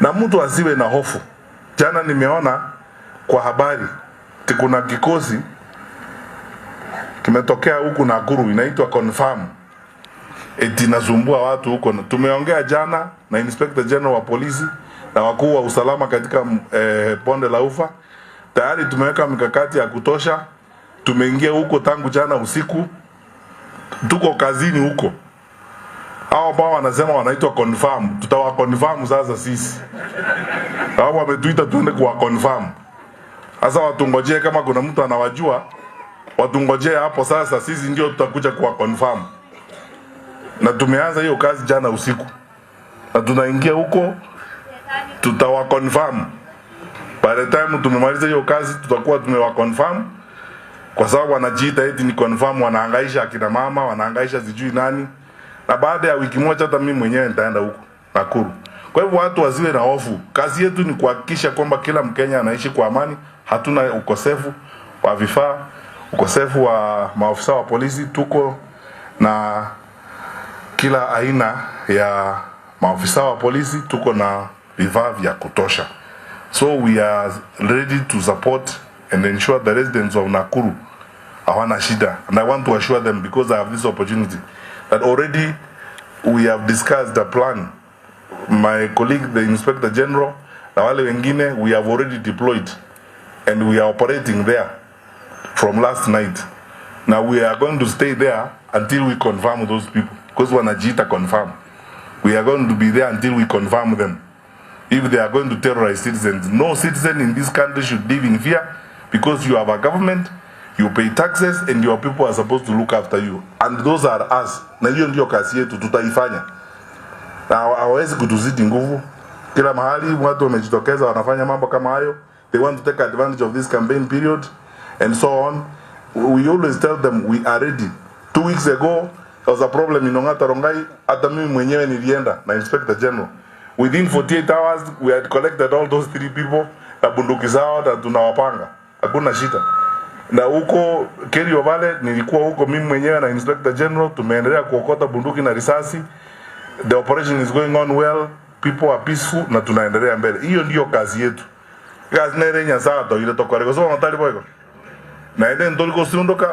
na mtu asiwe na hofu. Jana nimeona kwa habari kuna kikosi kimetokea huku Nakuru inaitwa Confirm eti inasumbua watu huko. Tumeongea jana na Inspector General wa polisi na wakuu wa usalama katika eh, bonde la Ufa. Tayari tumeweka mikakati ya kutosha, tumeingia huko tangu jana usiku, tuko kazini huko hao ambao wanasema wanaitwa confirm, tutawa confirm sasa sisi hao wametuita tuende kuwa confirm. Sasa watungojee, kama kuna mtu anawajua watungojee hapo. Sasa sisi ndio tutakuja kuwa confirm, na tumeanza hiyo kazi jana usiku, na tunaingia huko tutawa confirm. By the time tumemaliza hiyo kazi, tutakuwa tumewa confirm kwa sababu wanajiita eti ni confirm, wanahangaisha akina mama, wanahangaisha sijui nani na baada ya wiki moja hata mimi mwenyewe nitaenda huko Nakuru. Kwa hivyo watu wasiwe na hofu. Kazi yetu ni kuhakikisha kwamba kila Mkenya anaishi kwa amani, hatuna ukosefu wa vifaa, ukosefu wa maafisa wa polisi, tuko na kila aina ya maafisa wa polisi, tuko na vifaa vya kutosha. So we are ready to support and ensure the residents of Nakuru hawana shida. And I want to assure them because I have this opportunity that already we have discussed a plan. My colleague, the Inspector General, na wale wengine, we have already deployed and we are operating there from last night. Now we are going to stay there until we confirm those people because wanajiita confirm. We are going to be there until we confirm them. If they are going to terrorize citizens, no citizen in this country should live in fear because you have a government you pay taxes and your people are supposed to look after you and those are us, na hiyo ndio kazi yetu, tutaifanya na hawawezi kutuzidi nguvu. Kila mahali watu wamejitokeza wanafanya mambo kama hayo, they want to take advantage of this campaign period and so on. We always tell them we are ready. Two weeks ago there was a problem in Ongata Rongai, hata mimi mwenyewe nilienda na Inspector General. Within 48 hours we had collected all those three people na bunduki zao na tunawapanga, hakuna shida na huko Kerio vale nilikuwa huko mimi mwenyewe na Inspector General, tumeendelea kuokota bunduki na risasi. The operation is going on well, people are peaceful na tunaendelea mbele. Hiyo ndio kazi yetu. Kazi nere nya sato ile tokorego so matali boygo. Na ile ndoliko sundoka